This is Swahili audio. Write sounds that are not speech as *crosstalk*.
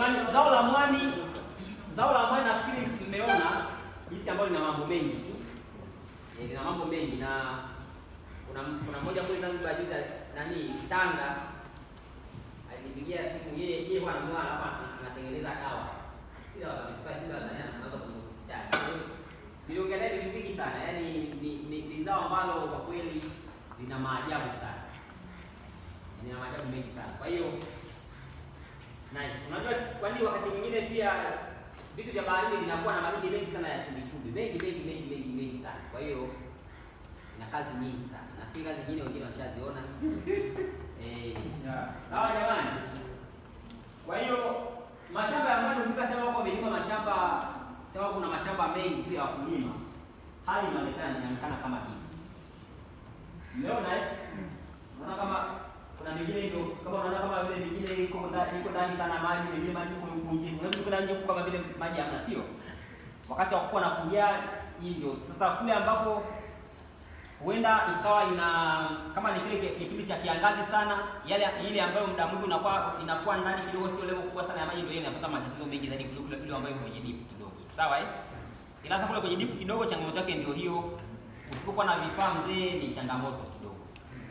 Jamani, zao la mwani, zao la mwani nafikiri mmeona jinsi ambayo lina mambo mengi tu, E, lina mambo mengi na kuna kuna mmoja kule ndani Zanzibar juzi nani Tanga alinipigia simu, yeye yeye bwana mwana hapa anatengeneza dawa, si dawa za misika, si dawa za nyama, anazo kwenye hospitali. Niliongea naye ni vingi sana, yaani ni, ni, ni zao ambalo kwa kweli lina maajabu sana, lina maajabu mengi sana, kwa hiyo Nice. Unajua kwa nini wakati mwingine pia vitu vya baharini vinakuwa na maji mengi sana ya chumbi chumbi. Mengi mengi mengi mengi mengi sana. Kwa hiyo na kazi nyingi sana. Nafikiri kazi nyingine wengine washaziona. *laughs* Eh. Sawa jamani. Kwa hiyo mashamba ya mgano sema wako wamelima mashamba sema kuna mashamba mengi pia ya wakulima. Hali inaonekana inaonekana kama hivi. Leo na eh? Hmm. Unaona kama kuna mingine ndio kama unaona kama vile ile iko ndani iko ndani sana maji ile maji kwa huko Unaweza kwenda nje kama vile maji hamna sio? Wakati wa kukua na kujaa hivyo. Sasa kule ambapo huenda ikawa ina kama ni kile kipindi cha kiangazi sana, yale ile ambayo muda mwingi unakuwa inakuwa ndani kidogo, sio level kubwa sana ya maji, ndio inapata matatizo mengi zaidi kuliko kule ile ambayo kwenye deep kidogo. Sawa eh? Ila sasa kule kwenye deep kidogo changamoto yake ndio hiyo. Usipokuwa na vifaa mzee ni changamoto.